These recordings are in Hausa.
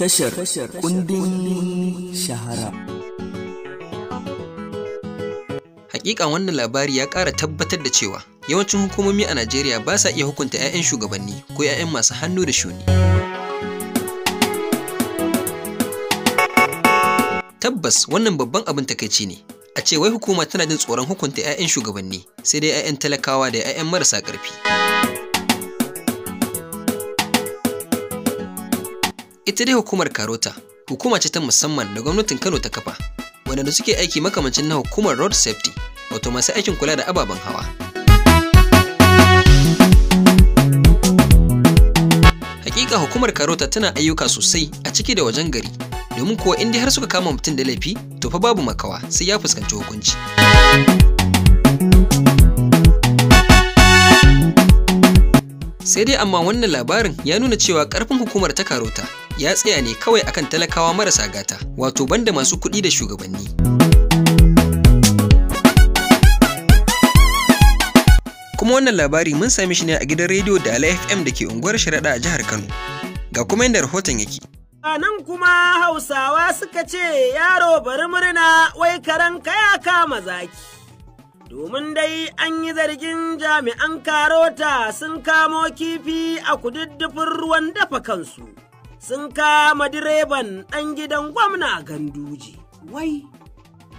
tashar kundin shahara. Hakika wannan labari ya ƙara tabbatar da cewa yawancin hukumomi a Najeriya ba sa iya hukunta 'ya'yan shugabanni ko 'ya'yan masu hannu da shuni. Tabbas wannan babban abin takaici ne. A ce wai hukuma tana jin tsoron hukunta 'ya'yan shugabanni sai dai 'ya'yan talakawa da 'ya'yan marasa ƙarfi. Ita dai hukumar Karota, hukuma ce ta musamman da gwamnatin Kano ta kafa, waɗanda suke aiki makamancin na hukumar Road Safety, wato masu aikin kula da ababen hawa. Hakika hukumar Karota tana ayyuka sosai a ciki da wajen gari, domin kuwa in har suka kama mutum da laifi, to fa babu makawa sai ya fuskanci hukunci. sai dai amma wannan labarin ya nuna cewa ƙarfin hukumar ta karota ya tsaya ne kawai akan talakawa marasa gata wato banda masu kuɗi da shugabanni kuma wannan labari mun sami shi ne a gidan rediyo da ala fm da ke unguwar sharaɗa a jihar kano ga kuma inda rahoton yake A nan kuma Hausawa suka ce yaro bari murna wai karan kaya kama zaki. Domin dai an yi zargin jami'an karota sun kamo kifi a kududdufin ruwan dafa kansu. sun kama direban ɗan gidan gwamna a ganduji. Wai,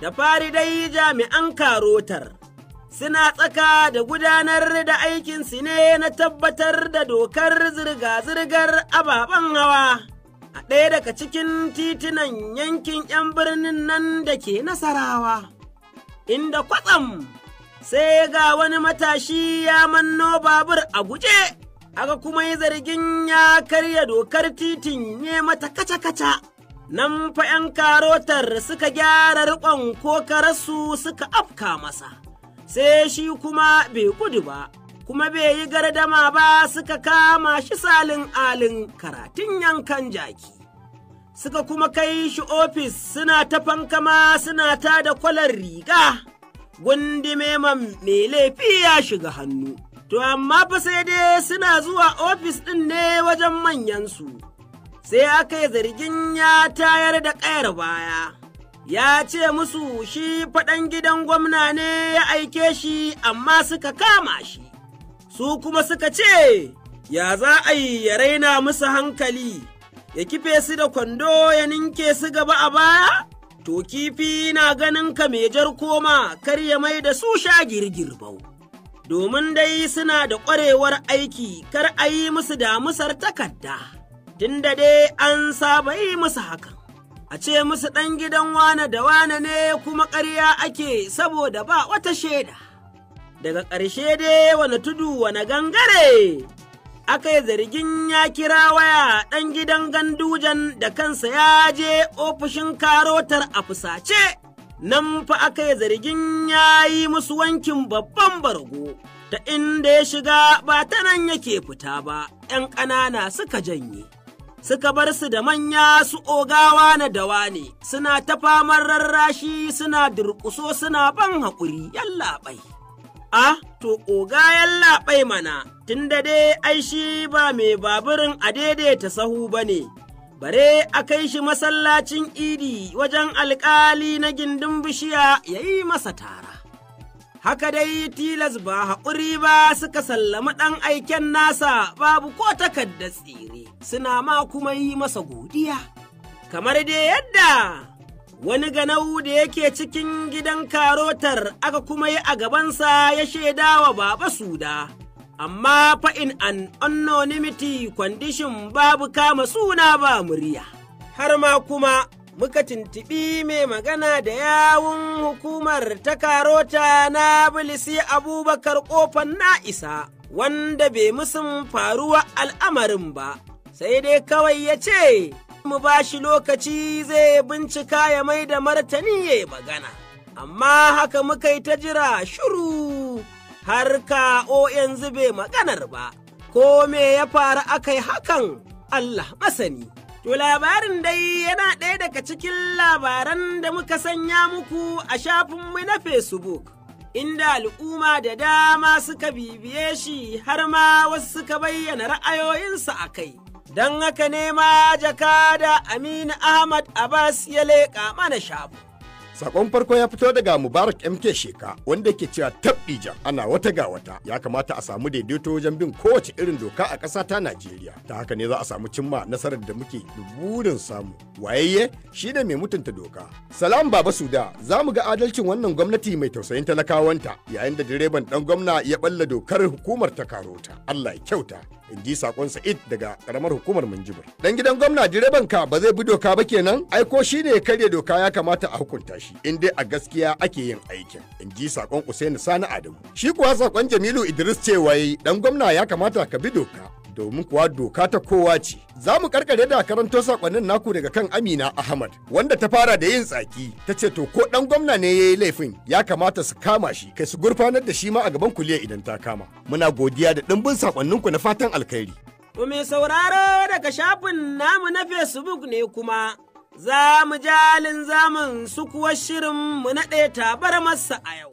da fari dai jami'an karotar suna tsaka da gudanar da aikinsu ne na tabbatar da dokar zirga-zirgar ababen hawa. a ɗaya daga cikin titunan yankin 'yan birnin nan da ke nasarawa, inda kwatsam sai ga wani matashi ya manno babur a guje aka kuma yi zargin ya karya dokar titin ne mata kaca-kaca. Nan fa ‘yan karotar suka gyara riƙon ko karasu suka afka masa, sai shi kuma bai gudu ba, kuma bai yi gardama ba suka kama shi salin alin karatun yankan jaki. Suka kuma kai shi ofis suna ta fankama suna ta da kwalar riga, meman mai laifi ya shiga hannu. To amma fa sai dai suna zuwa ofis ɗin ne wajen manyan su. sai aka yi zargin ya tayar da ƙayar baya. Ya ce musu shi faɗan gidan gwamna ne ya aike shi amma suka kama shi, su kuma suka ce, Ya za a yi ya raina musu hankali, ya kife su da kwando ya ninke su gaba a baya? To kifi na ganin ka mai jar koma kar ya mai da su sha girgirbau. domin dai suna da ƙwarewar aiki kar a yi musu damusar takarda, tunda dai an saba yi musu hakan. A ce musu ɗan gidan wane da wane ne kuma ƙarya ake saboda ba wata shaida. Daga ƙarshe dai wani tudu wani gangare, aka yi zargin ya kira waya ɗan gidan gandujan da kansa ya je ofishin karotar a fusace. nan fa aka yi zargin ya yi musu wankin babban bargo, ta inda ya shiga ba ta nan yake fita ba, ‘yan ƙanana suka janye. Suka bar su da manya su ogawa na dawa ne, suna ta famar rarrashi suna durƙuso suna ban haƙuri yallaɓai. A, to oga yallaɓai mana, tun da dai aishi ba mai baburin a daidaita sahu ba ne, bare a kai shi masallacin idi wajen alkali na gindin bishiya ya yi masa tara. Haka dai tilas ba haƙuri ba suka sallama ɗan aiken nasa babu ko takarda tsire, suna ma kuma yi masa godiya. Kamar dai yadda wani ganau da yake cikin gidan karotar aka kuma yi a gabansa ya shaidawa baba suda. amma fa in an anonymity condition babu kama suna ba murya har ma kuma muka tintibi mai magana da yawun hukumar ta karota na bilisi abubakar kofan na isa wanda bai musun faruwa al'amarin ba sai dai kawai ya ce mu ba shi lokaci zai bincika ya mai da martani ya magana amma haka muka yi ta jira shuru har ka o yanzu bai maganar ba, ko me ya faru aka yi hakan Allah masani. To labarin dai yana ɗaya daga cikin labaran da muka sanya muku a shafinmu na Facebook, inda al'umma da dama suka bibiye shi har ma wasu suka bayyana ra'ayoyinsu a kai. Don haka ne ma jakada Aminu Ahmad Abbas ya leƙa mana shafu. Sakon farko ya fito daga Mubarak MK Sheka wanda ke cewa tabbijan ana wata ga wata ya kamata a samu daidaito wajen bin kowace irin doka a ƙasa ta Najeriya. Ta haka ne za a samu cimma nasarar da muke burin samu. Wayayye shi ne mai mutunta doka. Salam Baba Suda za mu ga adalcin wannan gwamnati mai tausayin talakawanta yayin da direban ɗan gwamna ya balla dokar hukumar ta karota. Allah ya kyauta. in ji sakon sa'id daga karamar hukumar minjibir dan gidan gwamna direban ka ba zai bi doka ba kenan aiko shi ne karya doka ya kamata a hukunta shi in dai a gaskiya ake yin aikin in ji sakon usaini sani adamu shi kuwa sakon jamilu idris ce cewa dan gwamna ya kamata ka bi doka domin kuwa doka ta kowa ce. Za mu karkare da karanto sakonnin naku daga kan Amina Ahmad wanda ta fara da yin tsaki ta ce to ko ɗan gwamna ne ya yi laifin ya kamata su kama shi kai su gurfanar da shi ma a gaban kuliya idan ta kama. Muna godiya da ɗimbin ku na fatan alkhairi. To mai sauraro daga shafin namu na Facebook ne kuma. Za mu jalin zamun su kuwa shirin mu naɗe tabar masa a yau.